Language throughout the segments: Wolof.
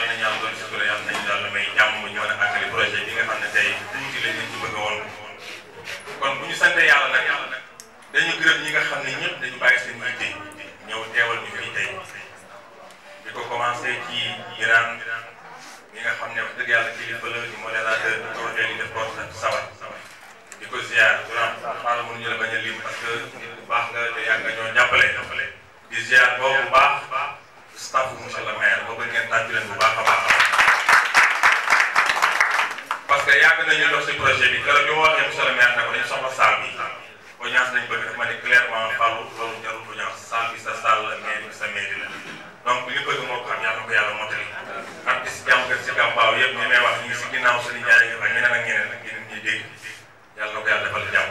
yàlla nañu yàlla doon sutura yàlla nañu yàlla may jàmm bu ñu mën a àggali projet bi nga xam ne tey tuuti lañ leen ci bëgg a woon kon bu ñu sante yàlla nag yàlla nag dañu gërëm ñi nga xam ne ñëpp dañu bàyyi seen yitte ñëw teewal ñu fii tey di ko commencé ci Birane mi nga xam ne wax dëgg yàlla kilifa la di modérateur di projet li def porte sawar di ko ziar Birane xaaral mënuñu la bañ a lim parce que nit bu baax nga te yàgg nga ñoo jàppale di ziar boobu bu baax staff monsieur le maire ci leen bu baax a baax parce que yàgg nañu dox si projet bi keroog bi ma waxee monsieur le maire ne ko dañu soxla salle bi audience nañ bëgg daf ma ne clairement Fallou loolu jarul audience salle bi sa salle la mairie bi sa mairie la donc li bëgg moo ko xam yàlla ko yàlla motali artiste jàmm kër si gàmbaaw yëpp ñi may wax ñu ngi si ginnaaw suñu njaay ak ñeneen ak ñeneen ak ñeneen ñuy dégg yàlla ko yàlla defal jàmm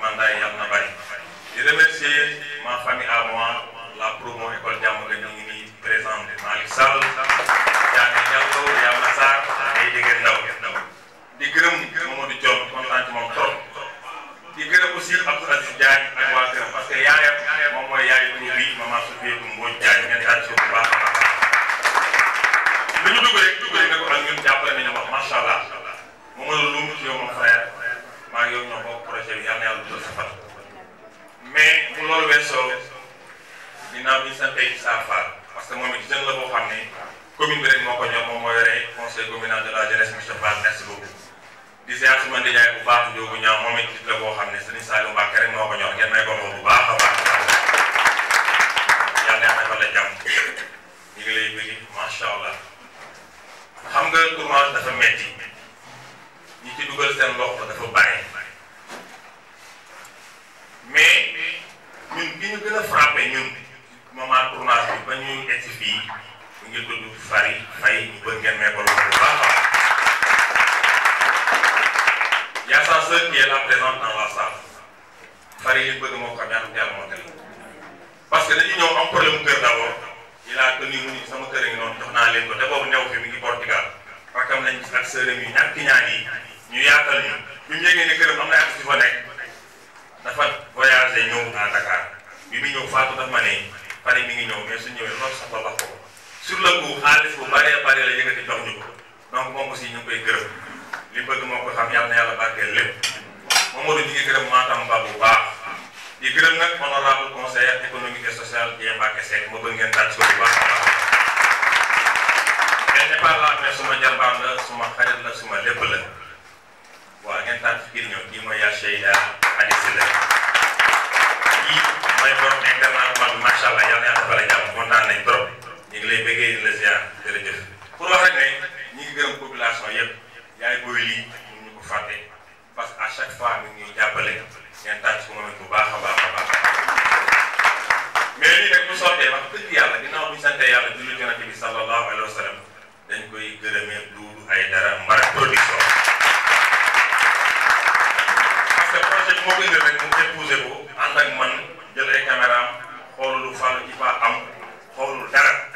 mandat yi yàlla na bari di remercier ma famille à moi la promo école jàmm nga ñu ngi nii présente Malick Sall gërëm Mamadou Diop kontaan ci moom trop di gërëm aussi Abdou Aziz Diagne ak waa këram parce que yaayam moom mooy yaayu bu ñu bii maman Sophie bu Mbodj Diagne ngeen daal ci bu baax a baax lu ñu dugg rek dugg rek ne ko ak ñun jàppale nañu wax macha allah Mamadou Loum ci yow mon frère maa ngi yow ñoo bokk projet bi yal na yàlla dugal sa fan mais bu loolu weesoo ginnaaw bi ñu sant Issa Fall parce que moom it jeune la boo xam ne commune bi rek moo ko ñor moom moo yore conseil communal de la jeunesse monsieur Fall merci beaucoup. di ziar suma nijaay bu baax Ndiogu Niang moom it nit la boo xam ne Serigne Saliou Mbacké rek moo ko ñor ngeen may ko moom bu baax a baax yàlla neex na fa la jàmm ñu ngi lay bëri macha allah xam nga tournage dafa metti ñi ci dugal seen loxo dafa bari mais ñun bi ñu gën a frappé ñun moment tournage bi ba ñu egsi fii mu ngi tudd Fari Faye ñu bëgg ngeen may ko loolu bu baax a baax Grâce à ceux qui est là la salle xar yi bëgg moo ko ñaan teel moo teel parce que dañu ñëw am problème kër d'abord il a tenu mu ni sama kër a ngi noonu jox naa leen ko mi ngi Portugal rakkam nañ ak sërëm yi ñàkk ñaan yi ñu yaatal ñu bi mu yëgee ne këram am na at yu fa nekk dafa voyagé ñëw à Dakar bi mu ñëw Fatou dafa ne pare mi ngi ñëw mais su ñëwee loolu sax ba wax ko sur le coup xaalis bu la yëkkati jox ñu ko donc moom aussi ñu ngi koy gërëm. li bëgg moo ko xam yàlla na yàlla barkeel lépp Mamadou ñu ngi gërëm Matam Ba bu baax di gërëm nag honorable conseiller économique et social Dieng Mbacke Seck ma bëgg ngeen tàcc ko bu baax a baax. ñu sottee wax dëgg yàlla ginnaaw bi ñu sante yàlla julli yonent bi sallallahu alayhi wa sallam dañ koy gërëmee Doudou Aidara Mbarek production parce que projet bi moo koy indil rek mu déposé ko ànd ak man jël ay caméra am xoolul fàllu ci fa am xoolul dara.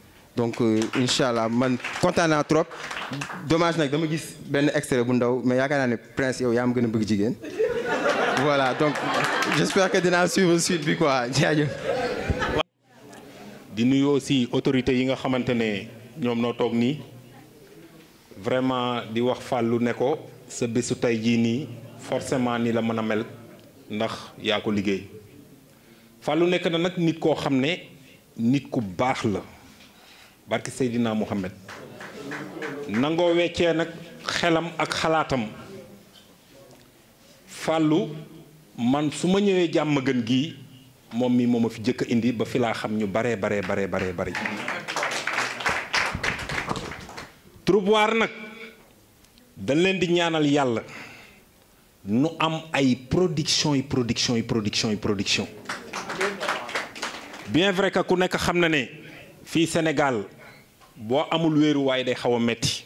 donc euh, incha allah man kontaan naa trop dommage nag dama gis ben extrait bu ndaw mais yaakaar naa ne Prince yow yaa ma gën a bëgg jigéen voilà donc j'espère que dinaa suivre suite bi quoi jaajëf. di nuyu aussi autorité yi nga xamantene ñom no tok ni vraiment di wax fallu ne ko sa bisu tay ji ni forcément ni la mëna mel ndax ya ko liggéey fallu nekk na nak nit ko xamné nit ku bax la. barki Seydina Muhammad nangoo weccee nag xelam ak xalaatam fàllu man su ma ñëwee jàmm gën gii moom mi moom a fi jëkk indi ba fi laa xam ñu baree baree baree baree bari trouvoir nag dañ leen di ñaanal yàlla nu am ay production yi production yi production yi production bien vrai que ku nekk xam na ne fii senegal boo amul wéeruwaay day xaw a metti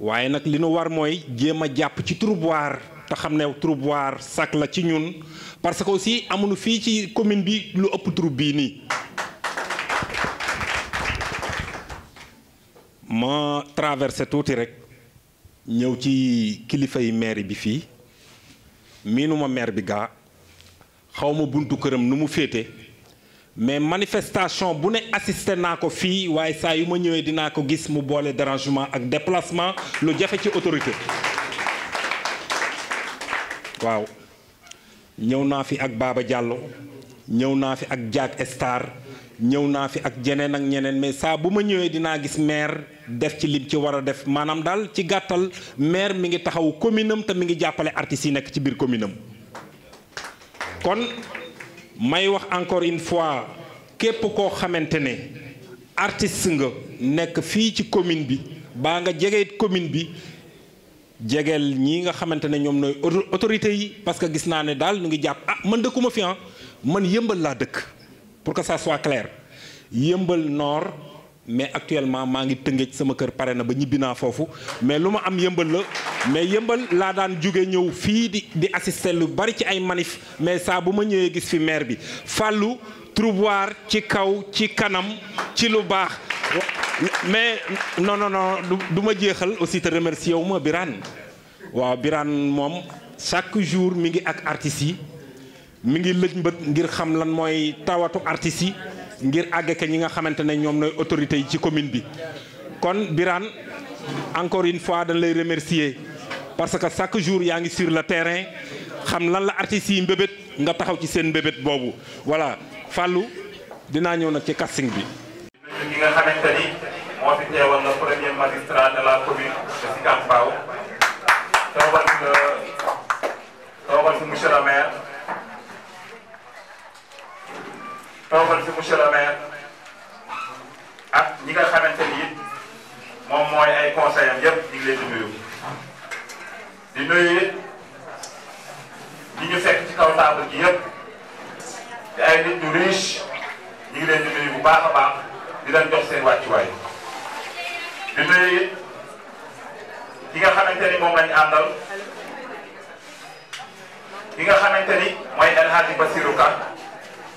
waaye nag li nu war mooy jéem a jàpp ci trouboir te xam ne trouboir sac la ci ñun parce que aussi amuñu fii ci commune bi lu ëpp troupe bii nii ma traversé tuuti rek ñëw ci kilifa yi maire bi fii miinuma maire bi gaa xawma buntu këram nu mu féete mais manifestation vous ne assisté naa ko fii waaye saa yu que ko gis mu les dérangement ak déplacement lu jafé ci autorité waaw ñëw na fi ak Baba Diallo ñëw na fi ak Jack Star ñëw na fi ak jenen ak mais bu ñëwé dina gis maire def ci lim ci war def manam ci gattal maire mi ngi taxaw mi ngi may wax encore une fois képp koo xamante ne artiste nga nekk fii ci commune bi baa nga jegeit commune bi jegeel ñii nga xamante ne ñoom nooy autorité yi parce que gis naa ne daal ñu ngi jàpp ah man dëkkuma fi ah man yëmbal laa dëkk pour que ça soit claire yëmbal noor mais actuellement je ngi tëngéej sama kër suis ba ñibina fofu. mais luma am la mais la daan juggé ñëw fi di di assister lu bari ci ay mais ça buma ñëwé gis fi maire bi trouvoir ci kaw ci kanam ci mais non non non aussi te remercier chaque jour mi ngi ak artiste yi mi ngi ngir agge ke ñi nga xamantene ñom noy autorité ci commune bi kon biran, encore une fois dañ lay remercier parce que chaque jour yaa sur le terrain xam lan la artiste yi mbebet nga taxaw ci seen mbebet bobu voilà fallu dina ñew nak ci casting bi ñi nga xamante mo fi téwal la premier magistrat de la commune de Sicap Mbao toogal nga toogal monsieur le maire toogal fi monsieur le maire ak ñi nga xamante ni it moom mooy ay conseil am yëpp ñu ngi leen di nuyu. di nuyu ñi fekk ci kaw table ji yëpp di ay nit ñu riche ñu ngi leen di nuyu bu baax a baax di leen jox seen wàccuwaay di nuyu ki nga xamante ni moom lañu àndal ki nga xamante ni mooy El Hadji Basirou Ka.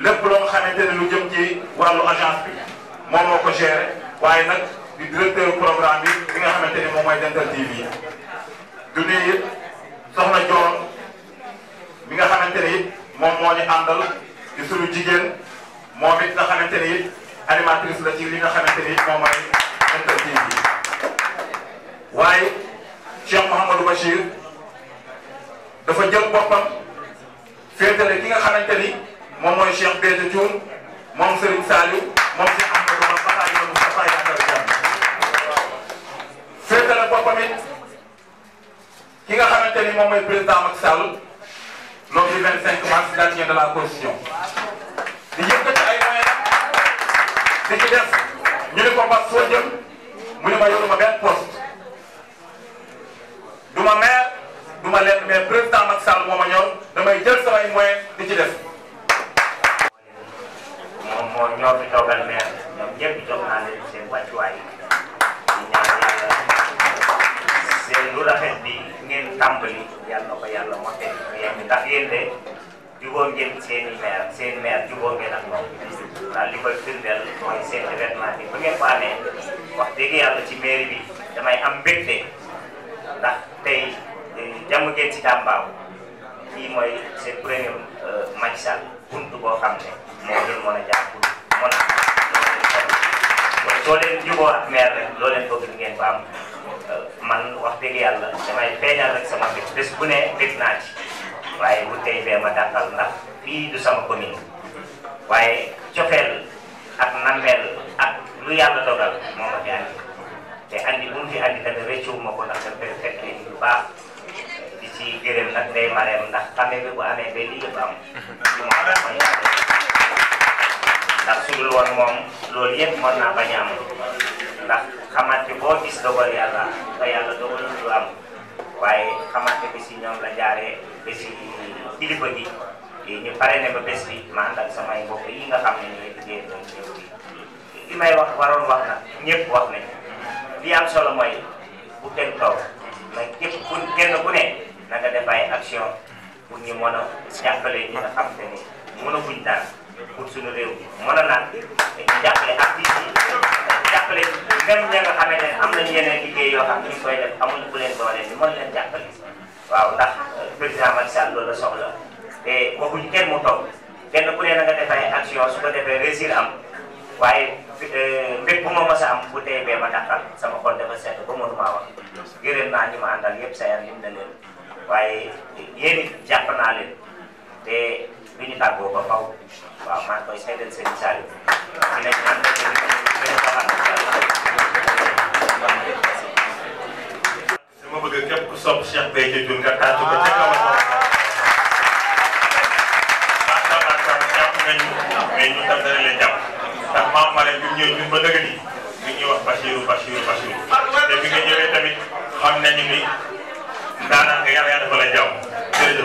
lépp loo xamante ne lu jëm ci wàllu agence bi moom moo ko géré waaye nag di directeur programme bi bi nga xamante ni moom mooy Dental TV du nuyu it soxna Joor bi nga xamante ne it moom àndal di suñu jigéen moom it nga xamante ne it animatrice la ci li nga xamante ni it moom mooy Dental TV waaye Cheikh Mouhamadou Bachir dafa jël boppam féetale ki nga xamante ni. moom mooy Cheikh Béthio Thioune moom Serigne Saliou moom Cheikh Ahmadou Bamba Xaadimu Mustapha yàggal jàmm féete la boppam it ki nga xamante ni moom mooy président Macky Sall loolu di 25 mars gardien de la constitution di yëkkati ay moyens di ci def ñu ne ko Bass soo mu ne ma yoruma benn poste du ma maire du ma lenn mais président Macky Sall moo ma ñor damay jël samay moyens di ci def. moo ñoo fi toogal maire ñoom ñëpp jox naa leen seen wàccuwaay di ñaan yàlla seen lu rafet bi ngeen tàmbali yàlla na ko yàlla moo teg yéen ndax yéen de jubóo ngeen seen i maire seen maire jubóo ngeen ak moom waaw li koy firndeel mooy seen événement bi ba ngeen ko amee wax dëgg yàlla ci mairie bi damay am mbégte ndax tey jàmm ngeen ci Tamba lii mooy seen premier euh, Macky Sall buntu boo xam ne moo ngeen mën a jàpp mën a kon soo leen juboo ak maire rek loo leen bëgg ngeen ko am euh, man wax dëgg yàlla damay feeñal rek sama bés bés bu ne bég naa ci waaye bu tey bee ma dàqal ndax fii du sama commune waaye cofeel ak nammeel ak lu yàlla dogal moo ma fi andi te andi bu mu fi andi tamit rëccu ma ko ndax dafa fekk lu baax si gerem na gerem marem nak kami bebu ane beli bay bang, bu am lu ma def mooy yàgg ndax su dul woon moom loolu yëpp mën naa bañ am ndax xamante boo gis dogal yàlla ba yàlla dogal lu am pare ne ba bi ma ànd ak samay mbokk yi solo ne na nga def ay action pour ñu mën a jàppale ñi nga xam te ni mën a buñ daal pour suñu réew mën a naan dañu jàppale artistes yi jàppale même ña nga xamante ne am nañu yeneen liggéey yoo xam ñu ngi koy def amuñu ku leen doole ñu mën leen jàppale waaw ndax président Macky Sall loolu la soxla te waxuñu kenn mu toog kenn ku ne na nga def ay action su ko defee réussir am waaye euh, mbir bu ma mës a am bu dee bee ma dàqal sama xol dafa sedd ba mënuma wax gërëm naa ñi ma àndal yëpp sa yar lim na leen waaye yéen it jàpp te bi ñu tàggoo ba faw waaw maa ngi koy seedeel seen isaani dinañ ànd ak yéen gën a sama bëgg képp ku sopp Cheikh Béthio Thioune nga tàcc ko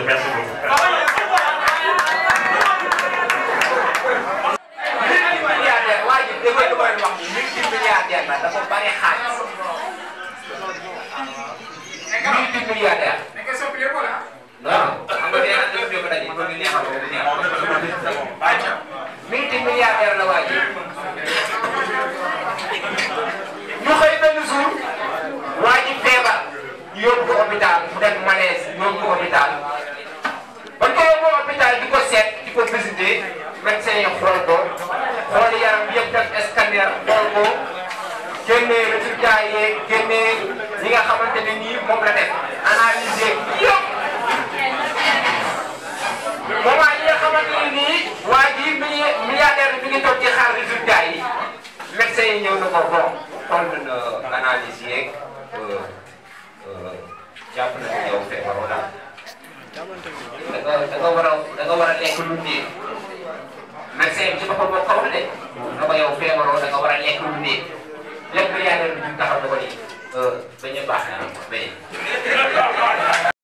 vous merci beaucoup. dafa bari xaalis multimilliardaire. non xam nga nee naa def ñoo ko daje pour ñu neexal ko ñu neexal. multimilliardaire la waa ji. ñu xëy benn jour. waa ji feebar. yóbbu ko hôpital mu def malaise yóbbu ko hôpital. médecin yi xool ko xool yaram yëpp def scanner xool ko génnee résultat yeeg génnee li nga xamante ne nii moom la def analyse yëpp. moment yi nga xamante ne nii waa ji milliardaire bi ngi toog di xaar résultat yi médecin yi ñëw na ko bon xool na analyse yeeg euh, euh, jàpp na yow feebaroo daal da nga war a da nga war a lekk lu néew médecin bi ci boppam moo ko wax de na ko yow feebaroo da nga war a lekk lu néeg lekk milliardaire bi ñu taxaw na ko nii ba euh, ñu baax na